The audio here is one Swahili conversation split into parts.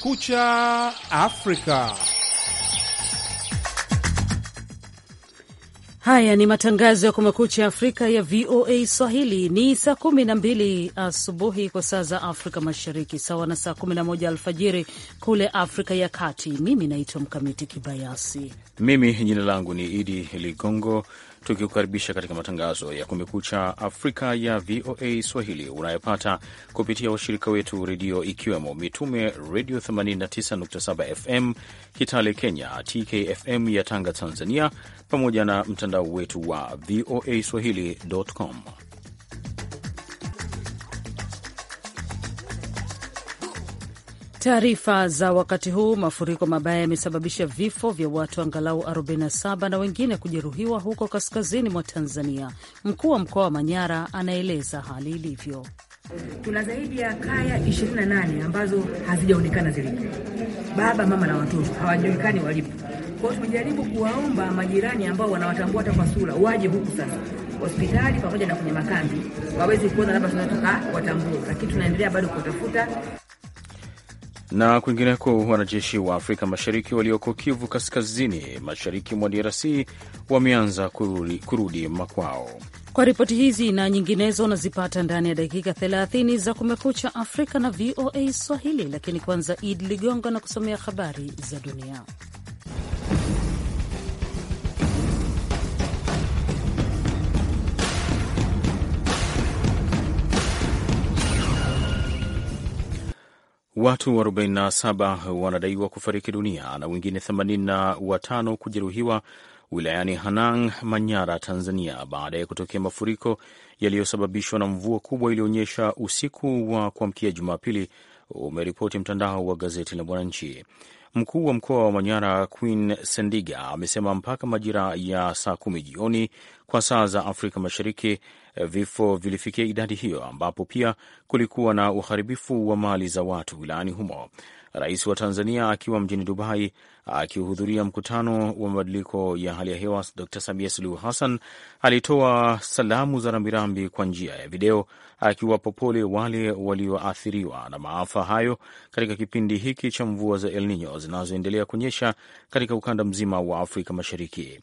Kumekucha Afrika. Haya ni matangazo ya Kumekucha Afrika ya VOA Swahili. Ni saa 12 asubuhi kwa saa za Afrika Mashariki, sawa na saa 11 alfajiri kule Afrika ya Kati. Mimi naitwa Mkamiti Kibayasi. Mimi jina langu ni Idi Ligongo tukikukaribisha katika matangazo ya Kumekucha Afrika ya VOA Swahili unayopata kupitia washirika wetu redio, ikiwemo Mitume Redio 89.7 FM Kitale Kenya, TKFM ya Tanga Tanzania, pamoja na mtandao wetu wa VOA Swahili.com. Taarifa za wakati huu, mafuriko mabaya yamesababisha vifo vya watu angalau 47 na wengine kujeruhiwa huko kaskazini mwa Tanzania. Mkuu wa mkoa wa Manyara anaeleza hali ilivyo. Tuna zaidi ya kaya 28 ambazo hazijaonekana zilipo, baba mama na watoto hawajulikani walipo. kwao tumejaribu kuwaomba majirani ambao wanawatambua hata kwa sura waje huku sasa hospitali pamoja na kwenye makambi waweze kuona labda tunatoka watambue, lakini tunaendelea bado kuwatafuta. Na kwingineko, wanajeshi wa Afrika Mashariki walioko Kivu Kaskazini, mashariki mwa DRC wameanza kurudi, kurudi makwao. Kwa ripoti hizi na nyinginezo unazipata ndani ya dakika 30 za Kumekucha Afrika na VOA Swahili, lakini kwanza Id Ligongo na kusomea habari za dunia. Watu 47 wanadaiwa kufariki dunia na wengine 85 kujeruhiwa wilayani Hanang, Manyara, Tanzania, baada ya kutokea mafuriko yaliyosababishwa na mvua kubwa iliyoonyesha usiku wa kuamkia Jumapili, umeripoti mtandao wa gazeti la Mwananchi. Mkuu wa mkoa wa Manyara Queen Sendiga amesema mpaka majira ya saa kumi jioni kwa saa za Afrika Mashariki eh, vifo vilifikia idadi hiyo, ambapo pia kulikuwa na uharibifu wa mali za watu wilayani humo. Rais wa Tanzania akiwa mjini Dubai akihudhuria mkutano wa mabadiliko ya hali ya hewa, Dr Samia Suluhu Hassan alitoa salamu za rambirambi kwa njia ya video akiwapo pole wale walioathiriwa na maafa hayo katika kipindi hiki cha mvua za El Nino zinazoendelea kunyesha katika ukanda mzima wa Afrika Mashariki.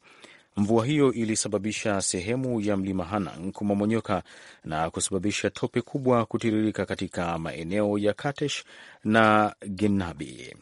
Mvua hiyo ilisababisha sehemu ya mlima Hanang kumomonyoka na kusababisha tope kubwa kutiririka katika maeneo ya Katesh na Genabi.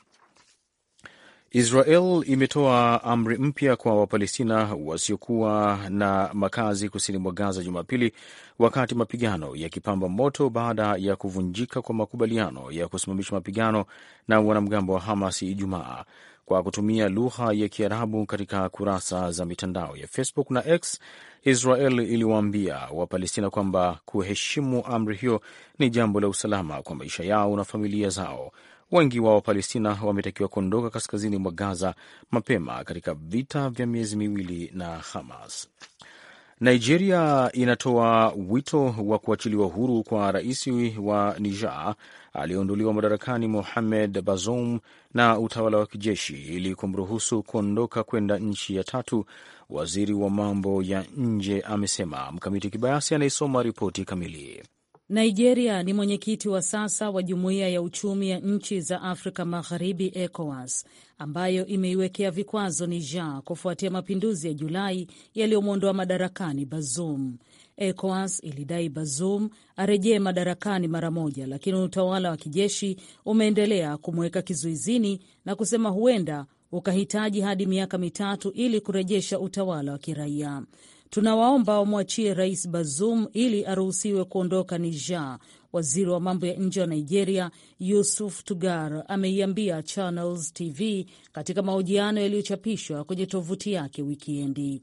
Israel imetoa amri mpya kwa Wapalestina wasiokuwa na makazi kusini mwa Gaza Jumapili, wakati mapigano yakipamba moto baada ya kuvunjika kwa makubaliano ya kusimamisha mapigano na wanamgambo wa Hamas Ijumaa. Kwa kutumia lugha ya Kiarabu katika kurasa za mitandao ya Facebook na X, Israel iliwaambia Wapalestina kwamba kuheshimu amri hiyo ni jambo la usalama kwa maisha yao na familia zao. Wengi wa Wapalestina wametakiwa kuondoka kaskazini mwa Gaza mapema katika vita vya miezi miwili na Hamas. Nigeria inatoa wito wa kuachiliwa huru kwa rais wa Niger aliyeondoliwa madarakani Mohamed Bazoum na utawala wa kijeshi ili kumruhusu kuondoka kwenda nchi ya tatu, waziri wa mambo ya nje amesema. Mkamiti Kibayasi anayesoma ripoti kamili. Nigeria ni mwenyekiti wa sasa wa Jumuiya ya Uchumi ya Nchi za Afrika Magharibi, ECOWAS, ambayo imeiwekea vikwazo Niger kufuatia mapinduzi ya Julai yaliyomwondoa madarakani Bazoum. ECOWAS ilidai Bazoum arejee madarakani mara moja, lakini utawala wa kijeshi umeendelea kumweka kizuizini na kusema huenda ukahitaji hadi miaka mitatu ili kurejesha utawala wa kiraia. Tunawaomba wamwachie Rais Bazoum ili aruhusiwe kuondoka Niger. Waziri wa mambo ya nje wa Nigeria Yusuf Tugar ameiambia Channels TV katika mahojiano yaliyochapishwa kwenye tovuti yake wikiendi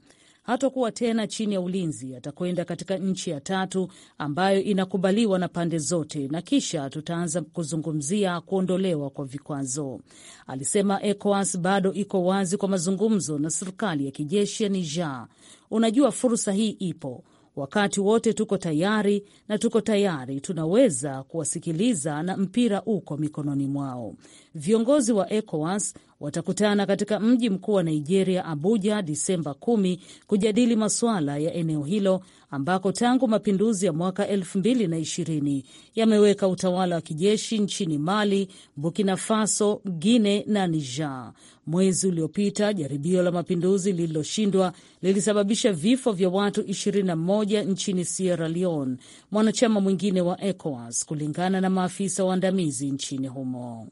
hatakuwa tena chini ya ulinzi, atakwenda katika nchi ya tatu ambayo inakubaliwa na pande zote, na kisha tutaanza kuzungumzia kuondolewa kwa vikwazo, alisema. ECOWAS bado iko wazi kwa mazungumzo na serikali ya kijeshi ya Niger. Unajua, fursa hii ipo Wakati wote tuko tayari na tuko tayari, tunaweza kuwasikiliza na mpira uko mikononi mwao. Viongozi wa ECOWAS watakutana katika mji mkuu wa Nigeria, Abuja, Disemba kumi kujadili masuala ya eneo hilo ambako tangu mapinduzi ya mwaka 2020 yameweka utawala wa kijeshi nchini Mali, Burkina Faso, Guine na Niger. Mwezi uliopita jaribio la mapinduzi lililoshindwa lilisababisha vifo vya watu 21 nchini Sierra Leone, mwanachama mwingine wa ECOWAS, kulingana na maafisa waandamizi nchini humo.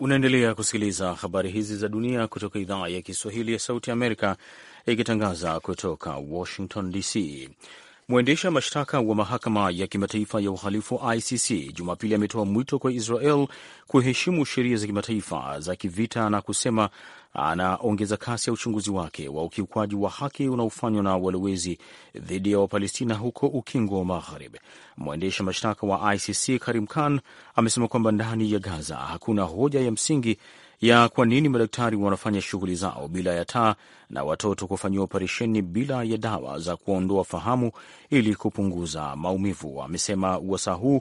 Unaendelea kusikiliza habari hizi za dunia kutoka idhaa ya Kiswahili ya Sauti Amerika ikitangaza kutoka Washington DC. Mwendesha mashtaka wa mahakama ya kimataifa ya uhalifu ICC Jumapili ametoa mwito kwa Israel kuheshimu sheria za kimataifa za kivita na kusema anaongeza kasi ya uchunguzi wake wa ukiukwaji wa haki unaofanywa na walowezi dhidi ya Wapalestina huko Ukingo wa Magharibi. Mwendesha mashtaka wa ICC Karim Khan amesema kwamba ndani ya Gaza hakuna hoja ya msingi ya kwa nini madaktari wanafanya shughuli zao bila ya taa na watoto kufanyiwa operesheni bila ya dawa za kuondoa fahamu ili kupunguza maumivu. Amesema uwasa huu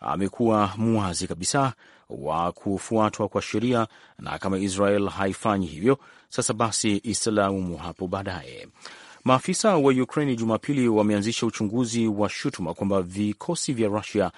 amekuwa mwazi kabisa wa kufuatwa kwa sheria, na kama Israel haifanyi hivyo sasa basi isilaumu hapo baadaye. Maafisa wa Ukraini Jumapili wameanzisha uchunguzi wa shutuma kwamba vikosi vya Rusia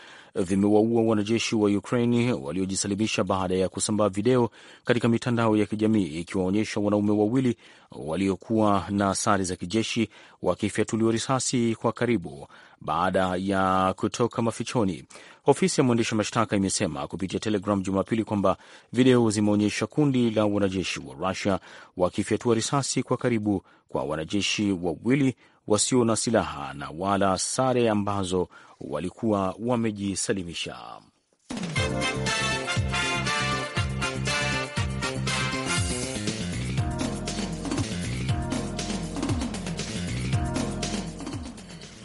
vimewaua wanajeshi wa Ukraini waliojisalimisha baada ya kusambaa video katika mitandao ya kijamii ikiwaonyesha wanaume wawili waliokuwa na sare za kijeshi wakifyatuliwa risasi kwa karibu baada ya kutoka mafichoni. Ofisi ya mwendesha mashtaka imesema kupitia Telegram Jumapili kwamba video zimeonyesha kundi la wanajeshi wa Rusia wakifyatua risasi kwa karibu kwa wanajeshi wawili wasio na silaha na wala sare ambazo walikuwa wamejisalimisha.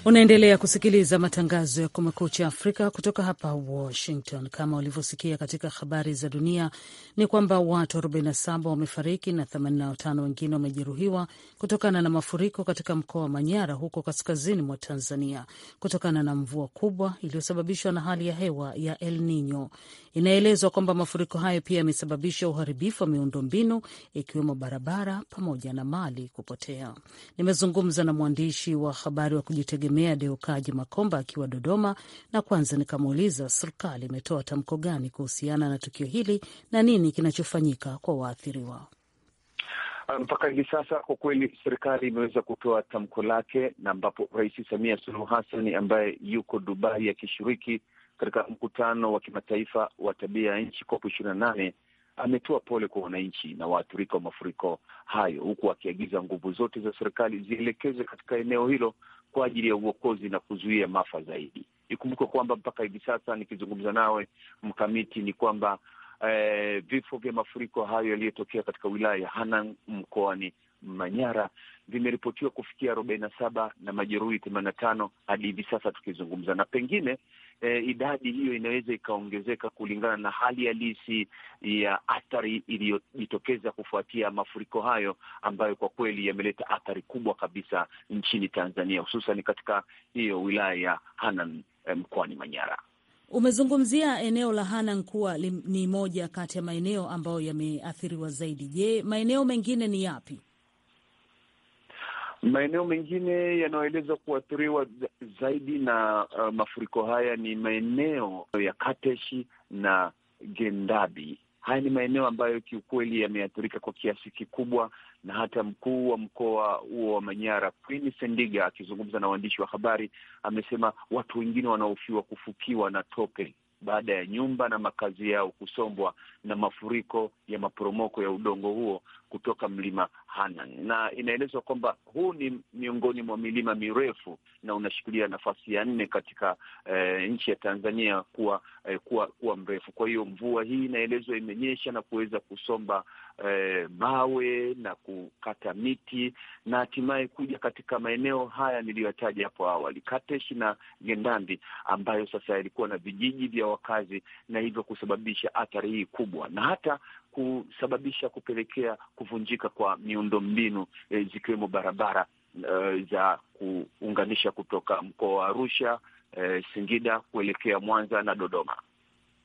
Unaendelea kusikiliza matangazo ya Kumekucha Afrika kutoka hapa Washington. Kama ulivyosikia katika habari za dunia, ni kwamba watu 47 wamefariki na 85 wengine wamejeruhiwa kutokana na mafuriko katika mkoa wa Manyara huko kaskazini mwa Tanzania, kutokana na mvua kubwa iliyosababishwa na hali ya hewa ya El Nino. Inaelezwa kwamba mafuriko hayo pia yamesababisha uharibifu wa miundombinu ikiwemo barabara pamoja na mali kupotea. Nimezungumza na mwandishi wa habari wa kujitegemea kumtegemea Deokaji Makomba akiwa Dodoma, na kwanza nikamuuliza serikali imetoa tamko gani kuhusiana na tukio hili na nini kinachofanyika kwa waathiriwa. Ah, mpaka hivi sasa kwa kweli serikali imeweza kutoa tamko lake, na ambapo Rais Samia Suluhu Hassan ambaye yuko Dubai akishiriki katika mkutano wa kimataifa wa tabia ya nchi COP ishirini na nane ametoa pole kwa wananchi na waathirika wa mafuriko hayo, huku akiagiza nguvu zote za serikali zielekezwe katika eneo hilo kwa ajili ya uokozi na kuzuia maafa zaidi. Ikumbuke kwamba mpaka hivi sasa nikizungumza nawe mkamiti, ni kwamba eh, vifo vya mafuriko hayo yaliyotokea katika wilaya ya Hanang mkoani Manyara vimeripotiwa kufikia arobaini na saba na majeruhi themanini na tano hadi hivi sasa tukizungumza, na pengine e, idadi hiyo inaweza ikaongezeka kulingana na hali halisi ya athari iliyojitokeza kufuatia mafuriko hayo ambayo kwa kweli yameleta athari kubwa kabisa nchini Tanzania, hususan katika hiyo wilaya ya hanan eh, mkoani Manyara. Umezungumzia eneo la Hanang kuwa ni moja kati ya maeneo ambayo yameathiriwa zaidi. Je, maeneo mengine ni yapi? Maeneo mengine yanayoelezwa kuathiriwa zaidi na uh, mafuriko haya ni maeneo ya Kateshi na Gendabi. Haya ni maeneo ambayo kiukweli yameathirika kwa kiasi kikubwa, na hata mkuu wa mkoa huo wa Manyara Queen Sendiga akizungumza na waandishi wa habari amesema watu wengine wanaofiwa kufukiwa na tope baada ya nyumba na makazi yao kusombwa na mafuriko ya maporomoko ya udongo huo kutoka mlima Hanan, na inaelezwa kwamba huu ni miongoni mwa milima mirefu na unashikilia nafasi ya nne katika eh, nchi ya Tanzania kuwa, eh, kuwa kuwa mrefu. Kwa hiyo mvua hii inaelezwa imenyesha na kuweza kusomba eh, mawe na kukata miti na hatimaye kuja katika maeneo haya niliyoyataja hapo awali, Katesh na Gendambi, ambayo sasa yalikuwa na vijiji vya wakazi na hivyo kusababisha athari hii kubwa na hata kusababisha kupelekea kuvunjika kwa miundombinu e, zikiwemo barabara e, za kuunganisha kutoka mkoa wa Arusha e, Singida kuelekea Mwanza na Dodoma.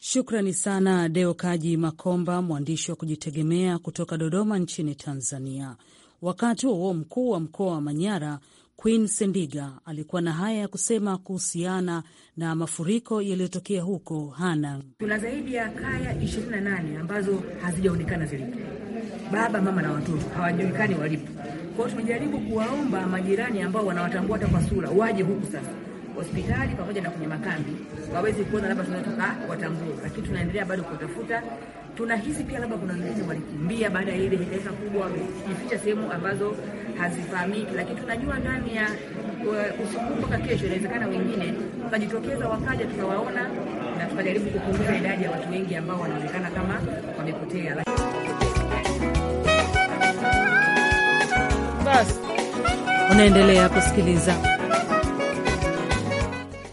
Shukrani sana Deo Kaji Makomba, mwandishi wa kujitegemea kutoka Dodoma nchini Tanzania. Wakati huo mkuu wa mkoa wa Manyara Queen Sendiga alikuwa na haya ya kusema kuhusiana na mafuriko yaliyotokea huko Hanang. Tuna zaidi ya kaya 28 ambazo hazijaonekana zilipo, baba mama na watoto hawajulikani walipo. Kwa hiyo tumejaribu kuwaomba majirani ambao wanawatambua hata kwa sura waje huku sasa hospitali pamoja na kwenye makambi wawezi kuona labda tunatoka watambue, lakini tunaendelea bado kutafuta. Tunahisi pia labda kuna wengine walikimbia baada ya ile hekaheka kubwa, wamejificha sehemu ambazo hazifahamiki, lakini tunajua ndani ya uh, usiku mpaka kesho, inawezekana wengine tukajitokeza wakaja, tukawaona na tukajaribu kupunguza idadi ya watu wengi ambao wanaonekana kama wamepotea. Basi unaendelea kusikiliza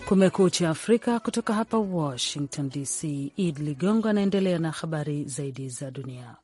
Kumekucha Afrika kutoka hapa Washington DC. Id Ligongo anaendelea na habari zaidi za dunia.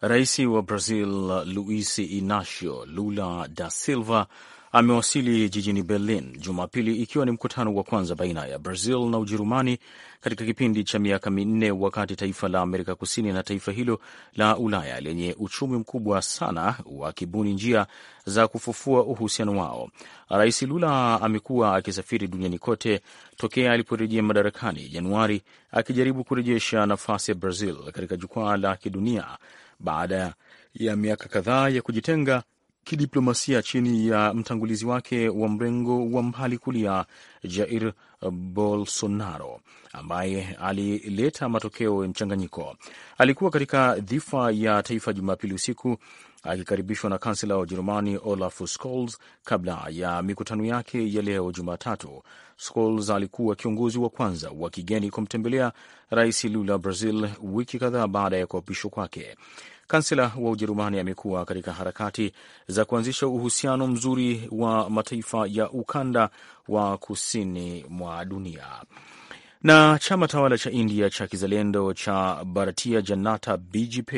Rais wa Brazil Luis Inacio Lula da Silva amewasili jijini Berlin Jumapili, ikiwa ni mkutano wa kwanza baina ya Brazil na Ujerumani katika kipindi cha miaka minne, wakati taifa la Amerika Kusini na taifa hilo la Ulaya lenye uchumi mkubwa sana wakibuni njia za kufufua uhusiano wao. Rais Lula amekuwa akisafiri duniani kote tokea aliporejea madarakani Januari, akijaribu kurejesha nafasi ya Brazil katika jukwaa la kidunia baada ya miaka kadhaa ya kujitenga kidiplomasia chini ya mtangulizi wake wa mrengo wa mbali kulia Jair Bolsonaro ambaye alileta matokeo ya mchanganyiko. Alikuwa katika dhifa ya taifa Jumapili usiku akikaribishwa na kansela wa Ujerumani Olaf Scholz kabla ya mikutano yake ya leo Jumatatu. Scholz alikuwa kiongozi wa kwanza wa kigeni kumtembelea Rais Lula Brazil wiki kadhaa baada ya kuapishwa kwake. Kansela wa Ujerumani amekuwa katika harakati za kuanzisha uhusiano mzuri wa mataifa ya ukanda wa kusini mwa dunia na chama tawala cha India cha kizalendo cha Bharatiya Janata BJP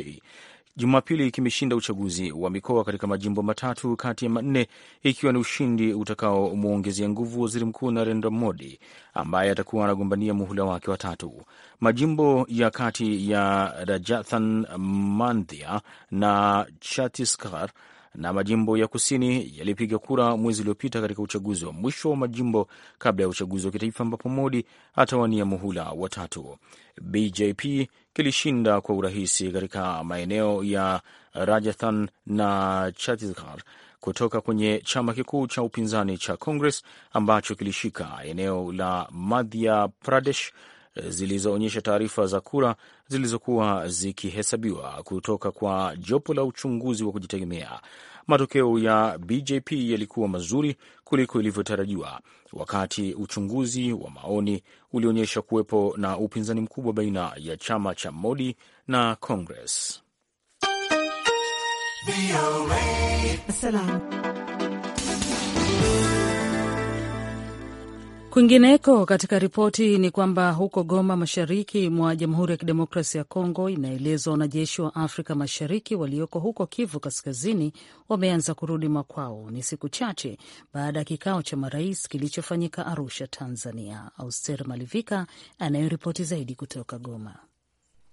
Jumapili kimeshinda uchaguzi wa mikoa katika majimbo matatu kati ya manne, ikiwa ni ushindi utakaomwongezea nguvu waziri mkuu Narendra Modi ambaye atakuwa anagombania muhula wake wa tatu. Majimbo ya kati ya Rajasthan, Mandhya na Chhattisgarh na majimbo ya kusini yalipiga kura mwezi uliopita katika uchaguzi wa mwisho wa majimbo kabla ya uchaguzi wa kitaifa ambapo Modi atawania muhula watatu. BJP kilishinda kwa urahisi katika maeneo ya Rajasthan na Chhattisgarh kutoka kwenye chama kikuu cha upinzani cha Congress ambacho kilishika eneo la Madhya Pradesh Eh, zilizoonyesha taarifa za kura zilizokuwa zikihesabiwa kutoka kwa jopo la uchunguzi wa kujitegemea. Matokeo ya BJP yalikuwa mazuri kuliko ilivyotarajiwa, wakati uchunguzi wa maoni ulionyesha kuwepo na upinzani mkubwa baina ya chama cha Modi na Congress. Kwingineko katika ripoti ni kwamba huko Goma, mashariki mwa Jamhuri ya Kidemokrasia ya Kongo, inaelezwa wanajeshi wa Afrika Mashariki walioko huko Kivu Kaskazini wameanza kurudi makwao, ni siku chache baada ya kikao cha marais kilichofanyika Arusha, Tanzania. Auster Malivika anayeripoti zaidi kutoka Goma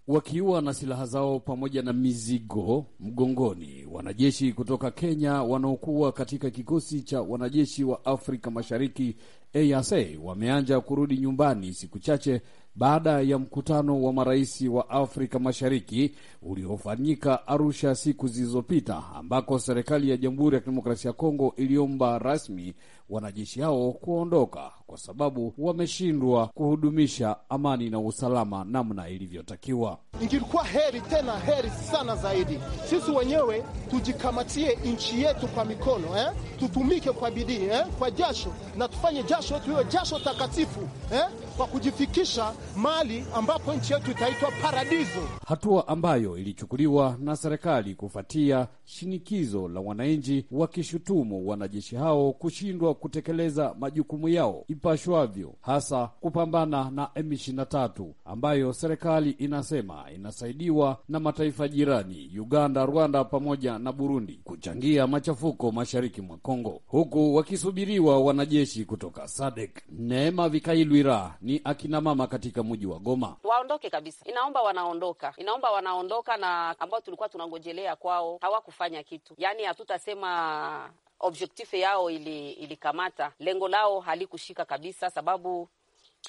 wakiwa na silaha zao pamoja na mizigo mgongoni. Wanajeshi kutoka Kenya wanaokuwa katika kikosi cha wanajeshi wa Afrika Mashariki EAC wameanza kurudi nyumbani siku chache baada ya mkutano wa marais wa Afrika Mashariki uliofanyika Arusha siku zilizopita, ambako serikali ya Jamhuri ya Kidemokrasia ya Kongo iliomba rasmi wanajeshi hao kuondoka kwa sababu wameshindwa kuhudumisha amani na usalama namna ilivyotakiwa. Ingilikuwa heri tena heri sana zaidi sisi wenyewe tujikamatie nchi yetu kwa mikono eh? Tutumike kwa bidii eh? Kwa jasho na tufanye jasho, tuiwe jasho takatifu eh? Kwa kujifikisha mali ambapo nchi yetu itaitwa paradiso, hatua ambayo ilichukuliwa na serikali kufuatia shinikizo la wananchi wakishutumu wanajeshi hao kushindwa kutekeleza majukumu yao ipashwavyo, hasa kupambana na M23 ambayo serikali inasema inasaidiwa na mataifa jirani Uganda, Rwanda pamoja na Burundi kuchangia machafuko mashariki mwa Kongo, huku wakisubiriwa wanajeshi kutoka SADC. Neema Vikailwira ni akinamama katika mji wa Goma. Waondoke kabisa, inaomba wanaondoka, inaomba wanaondoka, na ambao tulikuwa tunangojelea kwao hawakufanya kitu, yaani hatutasema objective yao ili, ilikamata lengo lao halikushika kabisa, sababu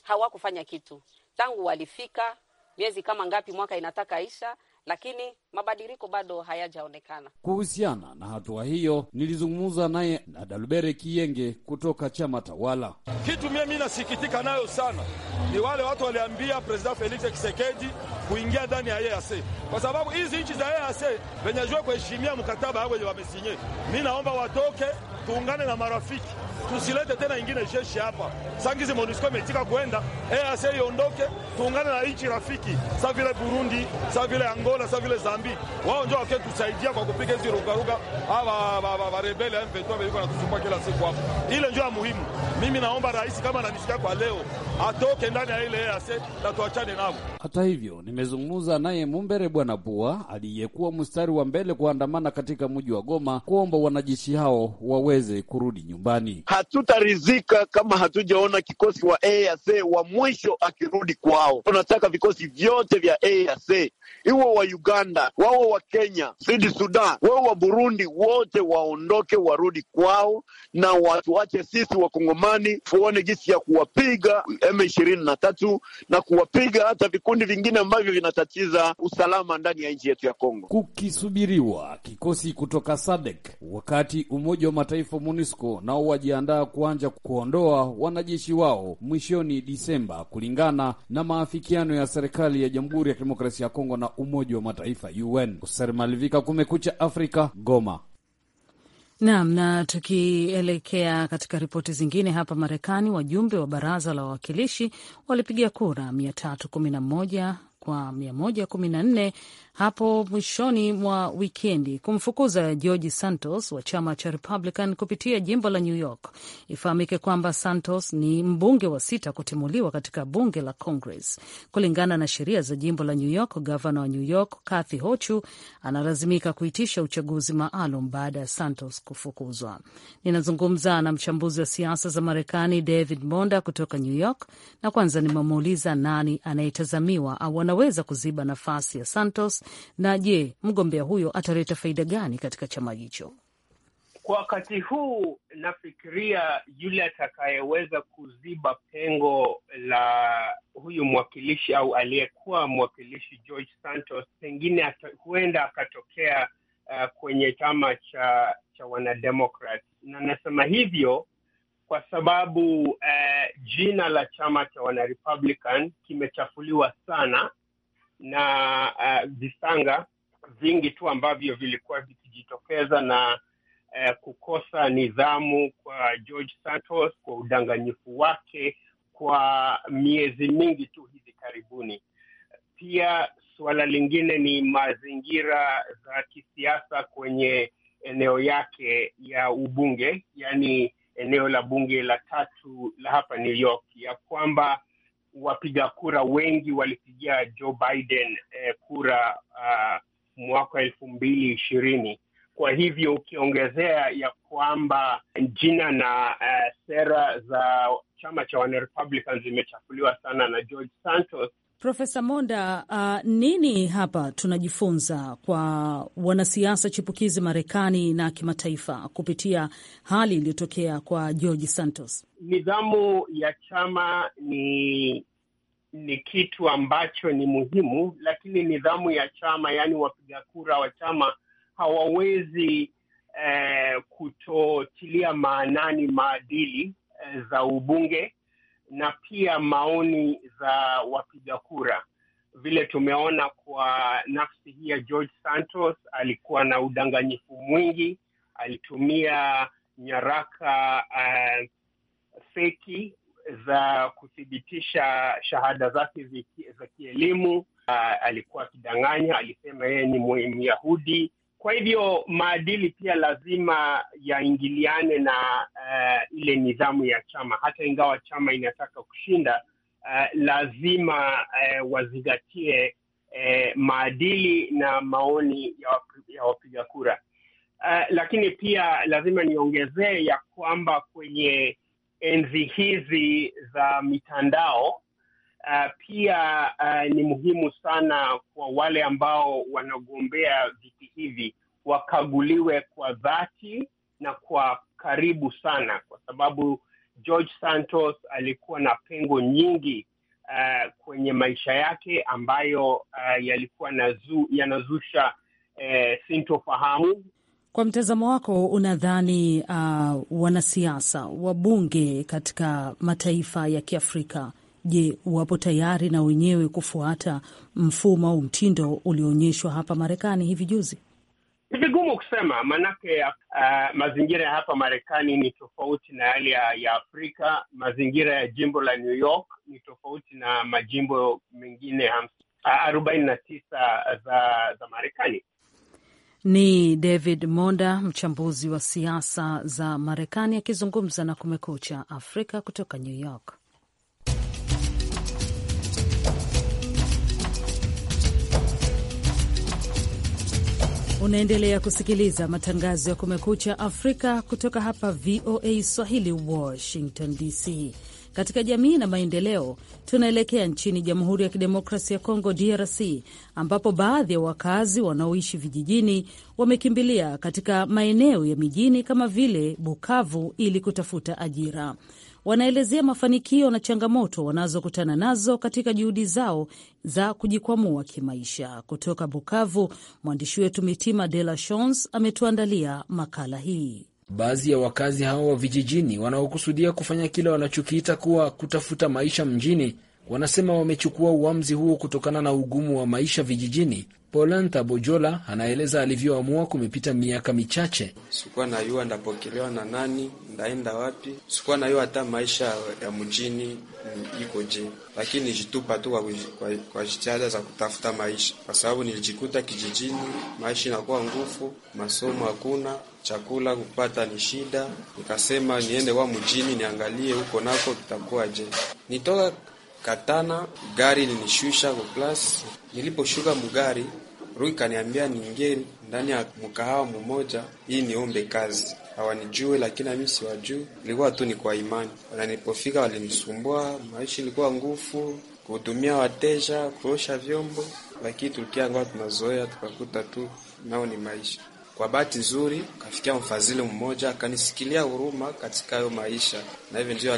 hawakufanya kitu tangu walifika miezi kama ngapi, mwaka inataka isha lakini mabadiliko bado hayajaonekana. Kuhusiana na hatua hiyo, nilizungumza naye na Dalubere Kiyenge kutoka chama tawala. Kitu mie mi nasikitika nayo sana ni wale watu waliambia President Felix Chisekedi kuingia ndani ya EAC kwa sababu hizi nchi za EAC venye kuheshimia mkataba awenye wamesinye. Mi naomba watoke tuungane na marafiki, tusilete tena ingine jeshi hapa. Sangizi MONUSCO imetika kwenda EAC iondoke, tuungane na nchi rafiki sa vile Burundi, sa vile Angola, sa vile Zambi. Wao ndio tusaidia kwa kupiga hizi rugaruga hawa warebeli ambao natusumbua kila siku hapo. Ile ndio ya muhimu. Mimi naomba rais kama ananisikia kwa leo atoke ndani ya ile EAC na tuachane navo. Hata hivyo, nimezungumza naye Mumbere Bwana Bua aliyekuwa mstari wa mbele kuandamana katika mji wa Goma kuomba wanajeshi hao waweze kurudi nyumbani. Hatutarizika kama hatujaona kikosi wa EAC wa mwisho akirudi kwao. Tunataka vikosi vyote vya EAC, iwo wa Uganda, wao wa Kenya, sidi Sudan, wao wa Burundi, wote waondoke warudi kwao, na watuache sisi Wakongomani tuone jinsi ya kuwapiga M ishirini na tatu na kuwapiga hata vikundi vikundi vingine ambavyo vinatatiza usalama ndani ya nchi yetu ya Kongo. Kukisubiriwa kikosi kutoka SADC wakati Umoja wa Mataifa MONUSCO nao wajiandaa kuanja kuondoa wanajeshi wao mwishoni Disemba, kulingana na maafikiano ya serikali ya Jamhuri ya Kidemokrasia ya Kongo na Umoja wa Mataifa UN. Kuser Kumekucha Afrika, Goma. Naam, na tukielekea katika ripoti zingine hapa Marekani, wajumbe wa baraza la wawakilishi walipiga kura 311 kwa 114 hapo mwishoni mwa wikendi kumfukuza George Santos wa chama cha Republican kupitia jimbo la New York. Ifahamike kwamba Santos ni mbunge wa sita kutimuliwa katika bunge la Congress. Kulingana na sheria za jimbo la New York, gavana wa New York Kathy Hochu analazimika kuitisha uchaguzi maalum baada ya Santos kufukuzwa. Ninazungumza na mchambuzi wa siasa za Marekani David Monda kutoka New York, na kwanza nimemuuliza nani anayetazamiwa au ana ataweza kuziba nafasi ya Santos, na je, mgombea huyo ataleta faida gani katika chama hicho? Kwa wakati huu nafikiria yule atakayeweza kuziba pengo la huyu mwakilishi au aliyekuwa mwakilishi George Santos, pengine huenda akatokea uh, kwenye chama cha cha Wanademokrat, na nasema hivyo kwa sababu uh, jina la chama cha Wanarepublican kimechafuliwa sana na uh, visanga vingi tu ambavyo vilikuwa vikijitokeza na uh, kukosa nidhamu kwa George Santos kwa udanganyifu wake kwa miezi mingi tu hivi karibuni. Pia suala lingine ni mazingira za kisiasa kwenye eneo yake ya ubunge, yaani eneo la bunge la tatu la hapa New York, ya kwamba wapiga kura wengi walipigia Joe Biden eh, kura uh, mwaka elfu mbili ishirini. Kwa hivyo ukiongezea ya kwamba jina na uh, sera za chama cha wanarepublican zimechafuliwa sana na George Santos Profesa Monda, uh, nini hapa tunajifunza kwa wanasiasa chipukizi Marekani na kimataifa kupitia hali iliyotokea kwa George Santos? Nidhamu ya chama ni ni kitu ambacho ni muhimu, lakini nidhamu ya chama, yaani wapiga kura wa chama hawawezi eh, kutotilia maanani maadili eh, za ubunge na pia maoni za wapiga kura. Vile tumeona kwa nafsi hii ya George Santos, alikuwa na udanganyifu mwingi, alitumia nyaraka uh, feki za kuthibitisha shahada zake za kielimu. Uh, alikuwa akidanganya, alisema yeye ni Myahudi kwa hivyo maadili pia lazima yaingiliane na uh, ile nidhamu ya chama. Hata ingawa chama inataka kushinda, uh, lazima uh, wazingatie uh, maadili na maoni ya wapiga kura. Uh, lakini pia lazima niongezee ya kwamba kwenye enzi hizi za mitandao uh, pia uh, ni muhimu sana kwa wale ambao wanagombea viti hivi wakaguliwe kwa dhati na kwa karibu sana, kwa sababu George Santos alikuwa na pengo nyingi uh, kwenye maisha yake ambayo uh, yalikuwa nazu, yanazusha uh, sintofahamu. Kwa mtazamo wako unadhani uh, wanasiasa wabunge katika mataifa ya Kiafrika Je, wapo tayari na wenyewe kufuata mfumo au mtindo ulioonyeshwa hapa Marekani hivi juzi? Ni vigumu kusema maanake, uh, mazingira ya hapa Marekani ni tofauti na yale ya Afrika. Mazingira ya jimbo la New York ni tofauti na majimbo mengine arobaini na tisa za, za Marekani. Ni David Monda, mchambuzi wa siasa za Marekani, akizungumza na Kumekucha Afrika kutoka New York. Unaendelea kusikiliza matangazo ya Kumekucha Afrika kutoka hapa VOA Swahili, Washington DC. Katika jamii na maendeleo, tunaelekea nchini Jamhuri ya Kidemokrasia ya Kongo, DRC, ambapo baadhi ya wakazi wanaoishi vijijini wamekimbilia katika maeneo ya mijini kama vile Bukavu ili kutafuta ajira wanaelezea mafanikio na changamoto wanazokutana nazo katika juhudi zao za kujikwamua kimaisha. Kutoka Bukavu, mwandishi wetu Mitima De La Chance ametuandalia makala hii. Baadhi ya wakazi hao wa vijijini wanaokusudia kufanya kile wanachokiita kuwa kutafuta maisha mjini wanasema wamechukua uamuzi huo kutokana na ugumu wa maisha vijijini. Polanta Bojola anaeleza alivyoamua kumepita miaka michache. Sikuwa nayua ndapokelewa na nani, ndaenda wapi, sikuwa nayua hata maisha ya mjini ikoje, lakini nijitupa tu kwa, kwa jitihada za kutafuta maisha, kwa sababu nilijikuta kijijini, maisha inakuwa nguvu, masomo hakuna, chakula kupata ni shida. Nikasema niende wa mjini, niangalie huko nako je, nitoka katana gari linishusha kwa kuklasi. Niliposhuka mugari, Rui kaniambia niingie ndani ya mkahawa mmoja hii niombe kazi hawanijue lakini mimi siwajui, ilikuwa tu ni kwa imani. Na nilipofika walinisumbua, maisha ilikuwa ngufu, kuhudumia wateja, kuosha vyombo, lakini tulikia ngoa tunazoea, tukakuta tu nao ni maisha. Kwa bahati nzuri, kafikia mfadhili mmoja akanisikilia huruma katika hayo maisha, na hivyo ndio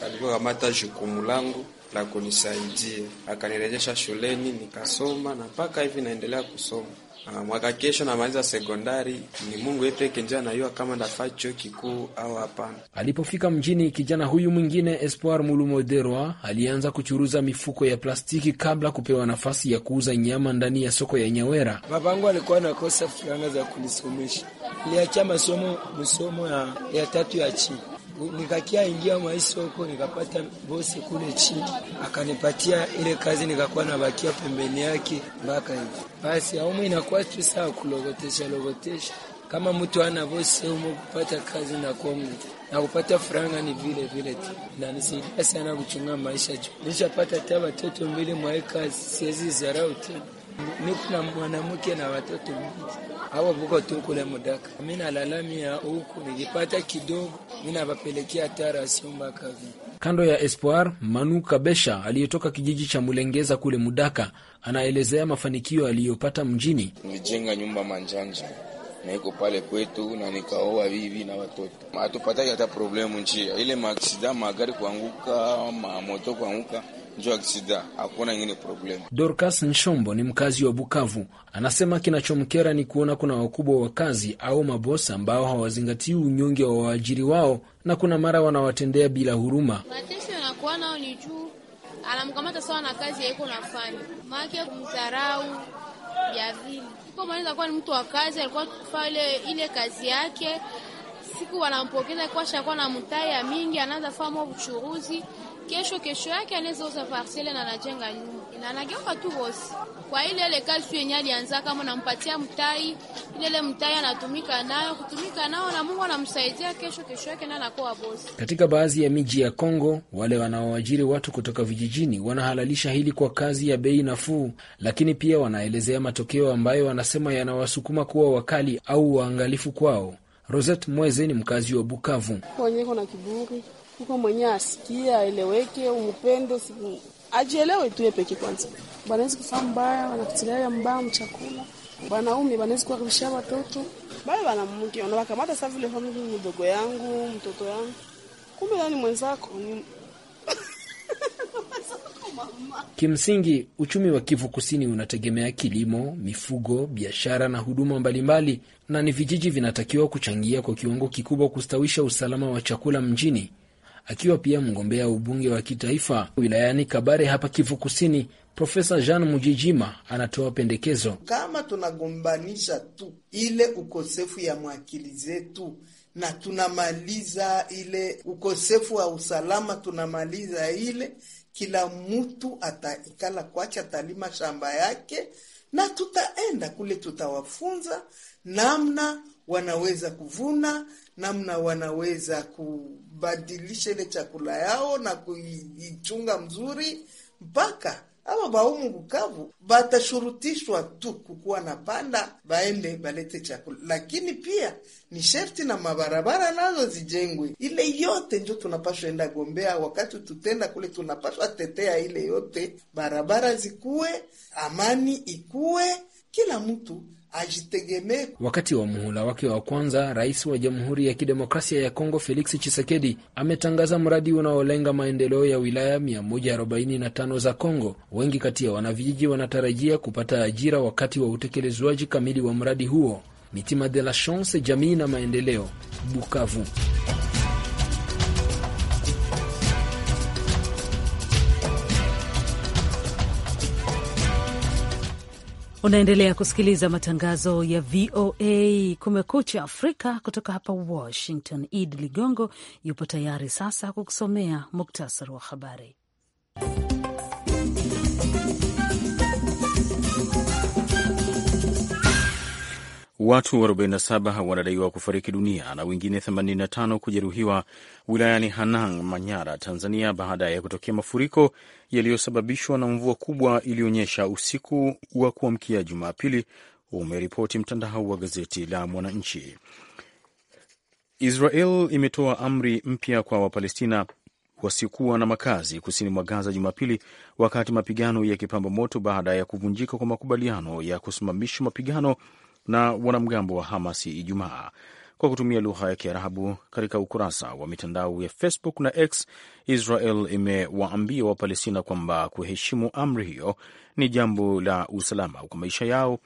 alikuwa kamata jukumu langu la kunisaidia, akanirejesha shuleni nikasoma, na mpaka hivi naendelea kusoma. Uh, mwaka kesho namaliza sekondari. Ni Mungu yeye pekee ndiye kama ndafaa chuo kikuu au hapana. Alipofika mjini, kijana huyu mwingine Espoir Mulumoderwa alianza kuchuruza mifuko ya plastiki kabla kupewa nafasi ya kuuza nyama ndani ya soko ya Nyawera. Babangu alikuwa kosa franga za kunisomesha, niliachia masomo msomo ya, ya tatu ya chini nikakia ingia huko, nikapata bosi kule chini, akanipatia ile kazi, nikakuwa nabakia pembeni yake mpaka hivi. Basi aumu inakuwa tu saa kulogotesha logotesha, kama mtu ana bosi umo kupata kazi na komgo na kupata franga ni vile vile tu, na nisaidia sana kuchunga maisha. Nishapata ta watoto mbili mwae kazi, siwezi zarau tena, niko na mwanamke na watoto mbili. Hawa buko tunkule mudaka, mimi nalalamia huku, nikipata kidogo mimi nabapelekea tara siumba kavi. Kando ya Espoir, Manu Kabesha aliyetoka kijiji cha Mulengeza kule Mudaka anaelezea mafanikio aliyopata mjini. Nimejenga nyumba manjanja na iko pale kwetu na nikaoa vivi na watoto. Hatupataki hata problemu njia ile, maaksida magari kuanguka, mamoto kuanguka njo aksida hakuna ingine problem. Dorcas Nshombo ni mkazi wa Bukavu, anasema kinachomkera ni kuona kuna wakubwa wa kazi au mabosa ambao hawazingatii unyonge wa waajiri wao na kuna mara wanawatendea bila huruma. nao ni juu anamkamata sawa na kazi yaiko nafanya make kumdharau ya vile iko mwanaweza kuwa ni mtu wa kazi alikuwa ile kazi yake siku wanampokeza kwashakuwa na mtaya mingi anaanza fama uchuruzi kesho kesho yake anezeuza parcele na anajenga nyumba na anageuka tu bosi kwa ile ile kazi yenye alianza, kama nampatia mtai ile ile mtai anatumika nayo kutumika nao na Mungu anamsaidia, kesho kesho yake na anakuwa bosi. Katika baadhi ya miji ya Kongo, wale wanaoajiri watu kutoka vijijini wanahalalisha hili kwa kazi ya bei nafuu, lakini pia wanaelezea matokeo ambayo wanasema yanawasukuma kuwa wakali au waangalifu kwao. Rosette Mweze ni mkazi wa Bukavu. Kwa kuko mwenye asikia aeleweke, umpende, ajielewe tu peke kwanza. Banawezi kufaa mbaya, wanakutilia mbaya mchakula, banaume banawezi kuaribishia watoto bale banamke, wanawakamata sasa vile familia mdogo yangu mtoto yangu, kumbe nani mwenzako ni Kimsingi, uchumi wa Kivu Kusini unategemea kilimo, mifugo, biashara na huduma mbalimbali, mbali, na ni vijiji vinatakiwa kuchangia kwa kiwango kikubwa kustawisha usalama wa chakula mjini akiwa pia mgombea ubunge wa kitaifa wilayani Kabare hapa Kivu Kusini. Profesa Jean Mujijima anatoa pendekezo: kama tunagombanisha tu ile ukosefu ya mwakili zetu na tunamaliza ile ukosefu wa usalama, tunamaliza ile, kila mtu ataikala kwacha, atalima shamba yake, na tutaenda kule, tutawafunza namna wanaweza kuvuna namna wanaweza kubadilisha ile chakula yao na kuichunga mzuri mpaka ama baumu Bukavu batashurutishwa tu kukuwa na panda baende balete chakula, lakini pia ni sherti na mabarabara nazo zijengwe. Ile yote njo tunapashwa enda gombea, wakati tutenda kule tunapashwa tetea ile yote, barabara zikuwe, amani ikuwe, kila mtu ajitegemee. Wakati wa muhula wake wa kwanza, rais wa Jamhuri ya Kidemokrasia ya Kongo Felix Tshisekedi ametangaza mradi unaolenga maendeleo ya wilaya 145 za Kongo. Wengi kati ya wanavijiji wanatarajia kupata ajira wakati wa utekelezwaji kamili wa mradi huo. Mitima de la Chance, jamii na maendeleo, Bukavu. Unaendelea kusikiliza matangazo ya VOA Kumekucha Afrika kutoka hapa Washington. Id Ligongo yupo tayari sasa kukusomea muktasari wa habari. Watu 47 wanadaiwa kufariki dunia na wengine 85 kujeruhiwa wilayani Hanang, Manyara, Tanzania, baada ya kutokea mafuriko yaliyosababishwa na mvua kubwa iliyonyesha usiku wa kuamkia Jumapili, umeripoti mtandao wa gazeti la Mwananchi. Israel imetoa amri mpya kwa Wapalestina wasiokuwa na makazi kusini mwa Gaza Jumapili, wakati mapigano yakipamba moto baada ya kuvunjika kwa makubaliano ya kusimamisha mapigano na wanamgambo wa Hamas Ijumaa kwa kutumia lugha ya Kiarabu. Katika ukurasa wa mitandao ya Facebook na X, Israel imewaambia Wapalestina kwamba kuheshimu amri hiyo ni jambo la usalama kwa maisha yao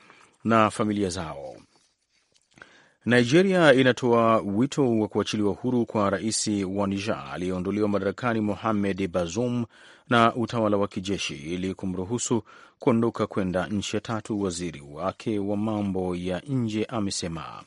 na familia zao. Nigeria inatoa wito wa kuachiliwa huru kwa rais wa Niger aliyeondoliwa madarakani Mohamed Bazoum na utawala wa kijeshi ili kumruhusu kuondoka kwenda nchi ya tatu, waziri wake wa mambo ya nje amesema.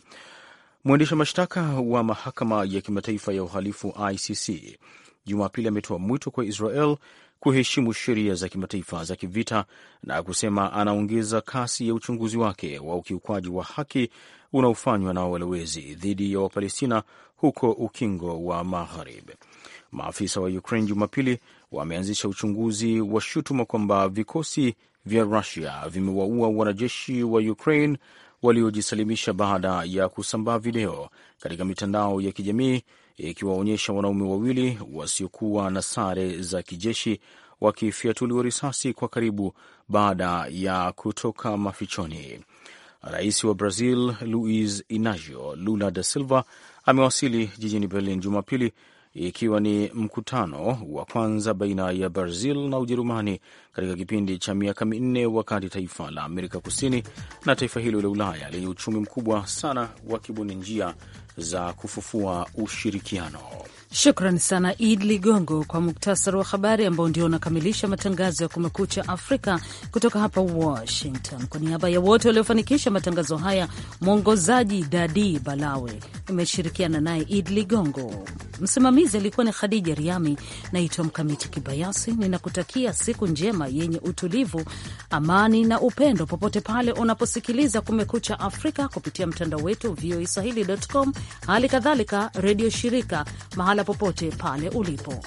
Mwendesha mashtaka wa mahakama ya kimataifa ya uhalifu ICC Jumapili ametoa mwito kwa Israel kuheshimu sheria za kimataifa za kivita na kusema anaongeza kasi ya uchunguzi wake wa ukiukwaji wa haki unaofanywa na walowezi dhidi ya Wapalestina huko Ukingo wa Magharibi. Maafisa wa Ukraine Jumapili wameanzisha uchunguzi wa shutuma kwamba vikosi vya Rusia vimewaua wanajeshi wa Ukraine waliojisalimisha baada ya kusambaa video katika mitandao ya kijamii ikiwaonyesha wanaume wawili wasiokuwa na sare za kijeshi wakifyatuliwa risasi kwa karibu baada ya kutoka mafichoni. Rais wa Brazil luis Inacio Lula da Silva amewasili jijini Berlin Jumapili, ikiwa ni mkutano wa kwanza baina ya Brazil na Ujerumani katika kipindi cha miaka minne, wakati taifa la Amerika Kusini na taifa hilo la Ulaya lenye uchumi mkubwa sana wakibuni njia za kufufua ushirikiano. Shukran sana Id Ligongo kwa muktasari wa habari ambao ndio unakamilisha matangazo ya Kumekucha Afrika kutoka hapa Washington. Kwa niaba ya wote waliofanikisha matangazo haya, mwongozaji Dadi Balawe imeshirikiana naye Id Ligongo, msimamizi alikuwa ni Khadija Riami. Naitwa Mkamiti Kibayasi, ninakutakia siku njema yenye utulivu, amani na upendo popote pale unaposikiliza Kumekucha Afrika kupitia mtandao wetu voaswahili.com hali kadhalika redio shirika mahala popote pale ulipo.